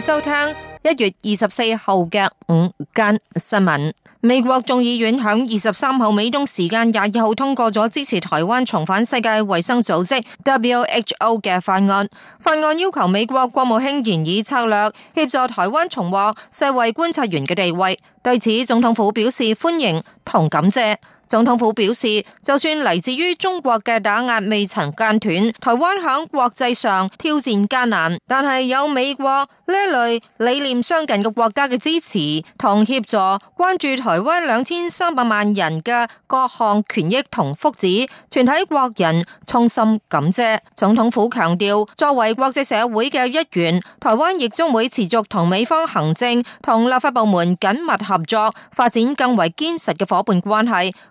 收聽一月二十四號嘅午間新聞。美國眾議院響二十三號美東時間廿二號通過咗支持台灣重返世界衛生組織 WHO 嘅法案。法案要求美國國務卿研擬策略協助台灣重獲世衛觀察員嘅地位。對此，總統府表示歡迎同感謝。總統府表示，就算嚟自於中國嘅打壓未曾間斷，台灣響國際上挑戰艱難，但係有美國呢類理念相近嘅國家嘅支持同協助，關注台灣兩千三百萬人嘅各項權益同福祉，全體國人衷心感謝。總統府強調，作為國際社會嘅一員，台灣亦將會持續同美方行政同立法部門緊密合作，發展更為堅實嘅伙伴關係。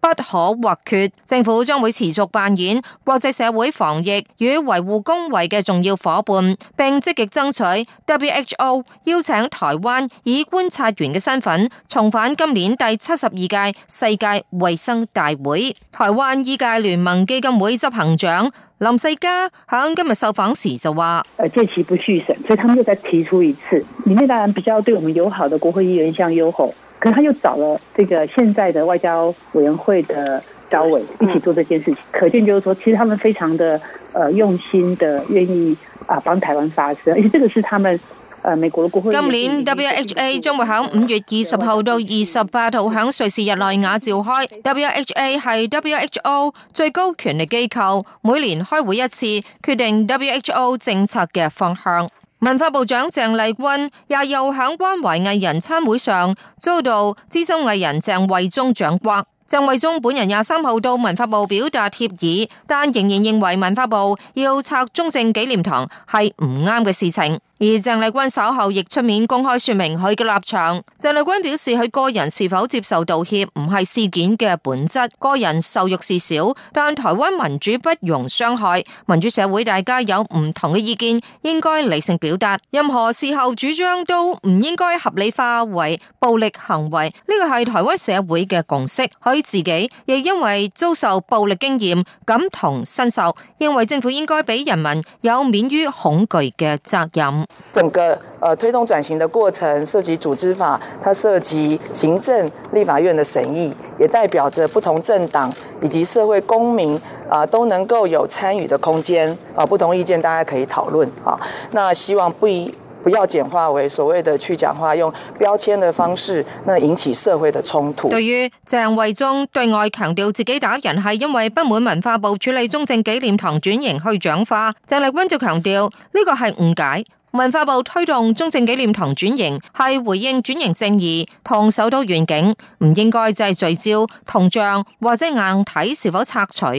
不可或缺，政府將會持續扮演國際社會防疫與維護公衛嘅重要夥伴，並積極爭取 WHO 邀請台灣以觀察員嘅身份重返今年第七十二屆世界衛生大會。台灣醫界聯盟基金會執行長林世嘉響今日受訪時就話，誒，不審所以他們又再提出一次。當然比較對我們友好的國會議員優，優可他又找了這個現在的外交委員會的招委一起做這件事情，可見就是說其實他們非常的，呃，用心的願意啊，幫台灣發聲，而且這個是他們呃，美國的國會今年 W H A 將會喺五月二十號到二十八號喺瑞士日內瓦召開 W H A 係 W H O 最高權力機構每年開會一次，決定 W H O 政策嘅方向。文化部長鄭麗君也又響關懷藝人餐會上遭到資深藝人鄭慧忠掌摑，鄭慧忠本人廿三號到文化部表達歉意，但仍然認為文化部要拆中正紀念堂係唔啱嘅事情。而鄭麗君稍後亦出面公開說明佢嘅立場。鄭麗君表示，佢個人是否接受道歉唔係事件嘅本質，個人受辱事小，但台灣民主不容傷害，民主社會大家有唔同嘅意見，應該理性表達，任何事後主張都唔應該合理化為暴力行為，呢個係台灣社會嘅共識。佢自己亦因為遭受暴力經驗感同身受，認為政府應該俾人民有免於恐懼嘅責任。整個誒推動轉型的過程涉及組織法，它涉及行政、立法院的審議，也代表着不同政黨以及社會公民啊都能夠有參與的空間啊，不同意見大家可以討論啊。那希望不一不要簡化為所謂的去蔣化用標籤的方式，那引起社會的衝突。對於鄭惠中對外強調自己打人係因為不滿文化部處理中正紀念堂轉型去蔣化，鄭麗君就強調呢、這個係誤解。文化部推動中正紀念堂轉型，係回應轉型正義同首都願景，唔應該只聚焦銅像或者硬體是否拆除，咁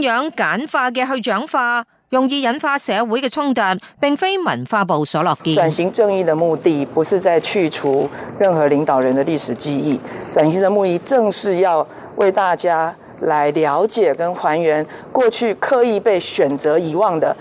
樣簡化嘅去講法，容易引發社會嘅衝突，並非文化部所樂見。轉型正義的目的不是在去除任何領導人的歷史記憶，轉型的目的正是要為大家來了解跟還原過去刻意被選擇遺忘的。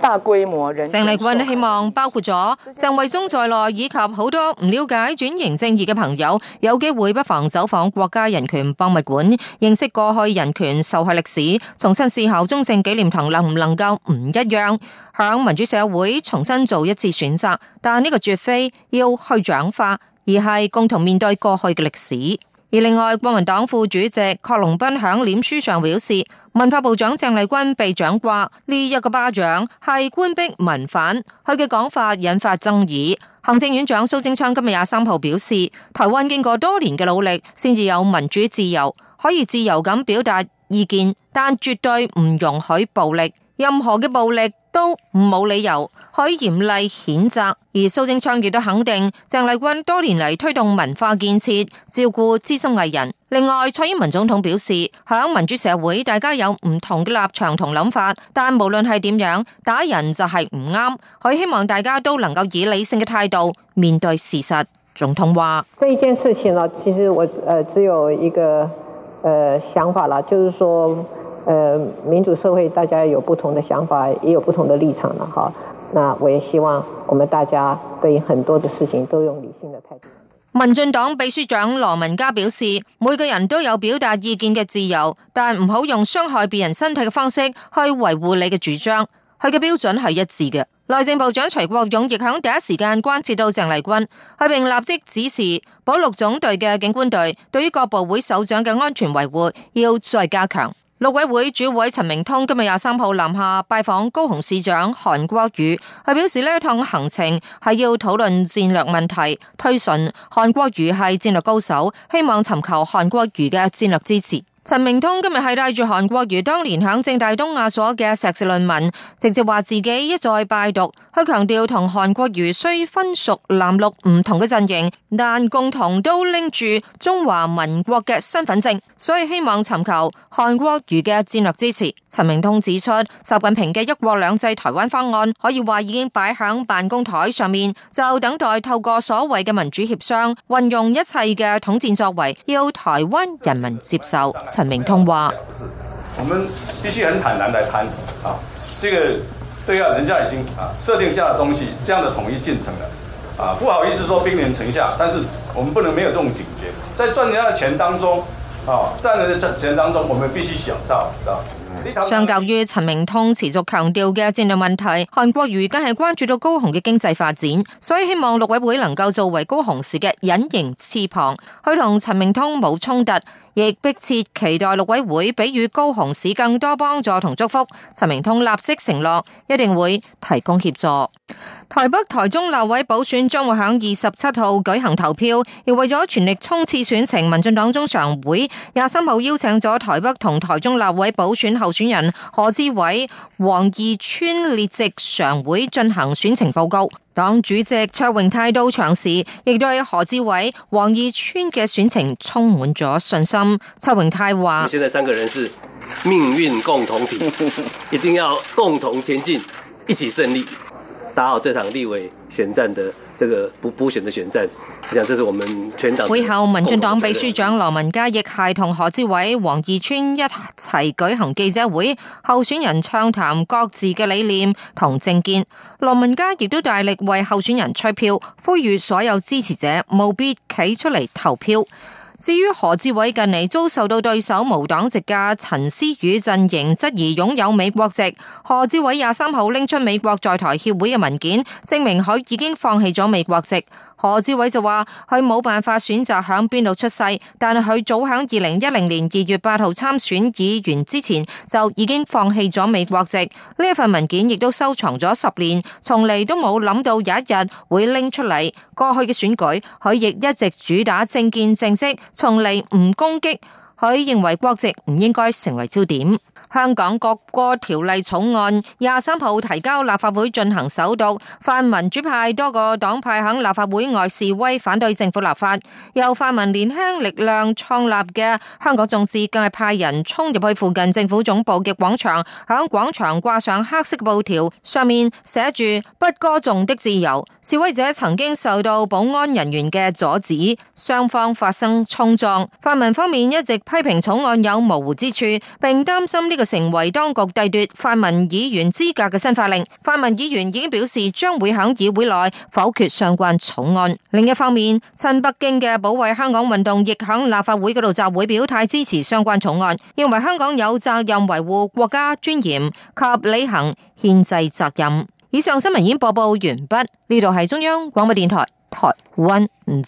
大規模人，鄭麗君希望包括咗鄭惠中在內，以及好多唔了解轉型正義嘅朋友，有機會不妨走訪國家人權博物館，認識過去人權受害歷史，重新思考中正紀念堂能唔能夠唔一樣，響民主社會重新做一次選擇。但呢個絕非要去蔣化，而係共同面對過去嘅歷史。而另外，國民黨副主席郝龍斌喺臉書上表示，文化部長鄭麗君被掌摑呢一個巴掌係官逼民反，佢嘅講法引發爭議。行政院長蘇貞昌今23日廿三號表示，台灣經過多年嘅努力，先至有民主自由，可以自由咁表達意見，但絕對唔容許暴力，任何嘅暴力。都冇理由可以嚴厲譴責，而蘇貞昌亦都肯定鄭麗君多年嚟推動文化建設、照顧資深藝人。另外，蔡英文總統表示，響民主社會，大家有唔同嘅立場同諗法，但無論係點樣，打人就係唔啱。佢希望大家都能夠以理性嘅態度面對事實。總統話：這一件事情啦，其實我誒只有一個誒想法啦，就是說。民主社會，大家有不同的想法，也有不同的立場啦。那我也希望我們大家對很多的事情都用理性的態度。民進黨秘書長羅文嘉表示，每個人都有表達意見嘅自由，但唔好用傷害別人身體嘅方式去維護你嘅主張。佢嘅標準係一致嘅。內政部長徐國勇亦響第一時間關切到鄭麗君，佢並立即指示保六總隊嘅警官隊對於各部會首長嘅安全維護要再加強。陸委會主委陳明通今日廿三號南下拜訪高雄市長韓國瑜，他表示呢一趟行程係要討論戰略問題，推崇韓國瑜係戰略高手，希望尋求韓國瑜嘅戰略支持。陳明通今日係帶住韓國瑜當年響正大東亞所嘅碩士論文，直接話自己一再拜讀。佢強調同韓國瑜雖分屬藍綠唔同嘅陣營，但共同都拎住中華民國嘅身份證，所以希望尋求韓國瑜嘅戰略支持。陳明通指出，習近平嘅一國兩制台灣方案可以話已經擺喺辦公台上面，就等待透過所謂嘅民主協商，運用一切嘅統戰作為，要台灣人民接受。陳明通話，我們必須很坦然來談啊，這個對啊，人家已經啊設定這樣的東西，這樣的統一進程了啊，不好意思說兵臨城下，但是我們不能沒有這種警覺，在賺人家的錢當中。哦、在你嘅執政當中，我們必須想到，到相較於陳明通持續強調嘅戰略問題，韓國瑜更係關注到高雄嘅經濟發展，所以希望陸委會能夠作為高雄市嘅隱形翅膀，去同陳明通冇衝突，亦迫切期待陸委會俾予高雄市更多幫助同祝福。陳明通立即承諾，一定會提供協助。台北、台中立委補選將會喺二十七號舉行投票，亦為咗全力衝刺選情，民進黨中常會廿三號邀請咗台北同台中立委補選候選人何志偉、王義川列席常會進行選情報告。黨主席卓榮泰到場時，亦都對何志偉、王義川嘅選情充滿咗信心。卓榮泰話，現在三個人是命運共同體，一定要共同前進，一起勝利。打好這場立委選戰的這個補選的選戰，我想這是我們全黨。會後，民進黨祕書長羅文嘉亦係同何志偉、黃義川一齊舉行記者會，候選人暢談各自嘅理念同政見。羅文嘉亦都大力為候選人催票，呼籲所有支持者務必企出嚟投票。至於何志偉近嚟遭受到對手無黨籍嘅陳思宇陣營質疑擁有美國籍，何志偉廿三號拎出美國在台協會嘅文件，證明佢已經放棄咗美國籍。何志偉就話：佢冇辦法選擇響邊度出世，但係佢早響二零一零年二月八號參選議員之前就已經放棄咗美國籍。呢一份文件亦都收藏咗十年，從嚟都冇諗到有一日會拎出嚟。過去嘅選舉，佢亦一直主打政見政績，從嚟唔攻擊。佢認為國籍唔應該成為焦點。香港國歌條例草案廿三號提交立法會進行首讀，泛民主派多個黨派響立法會外示威反對政府立法，由泛民年輕力量創立嘅香港眾志更係派人衝入去附近政府總部嘅廣場，響廣場掛上黑色布條，上面寫住不歌頌的自由。示威者曾經受到保安人員嘅阻止，雙方發生衝撞。泛民方面一直批評草案有模糊之處，並擔心呢、這個。成為當局褫奪泛民議員資格嘅新法令，泛民議員已經表示將會喺議會內否決相關草案。另一方面，趁，北京嘅保衛香港運動，亦響立法會嗰度集會表態支持相關草案，認為香港有責任維護國家尊嚴及履行憲制責任。以上新聞已經播報完畢，呢度係中央廣播電台台灣。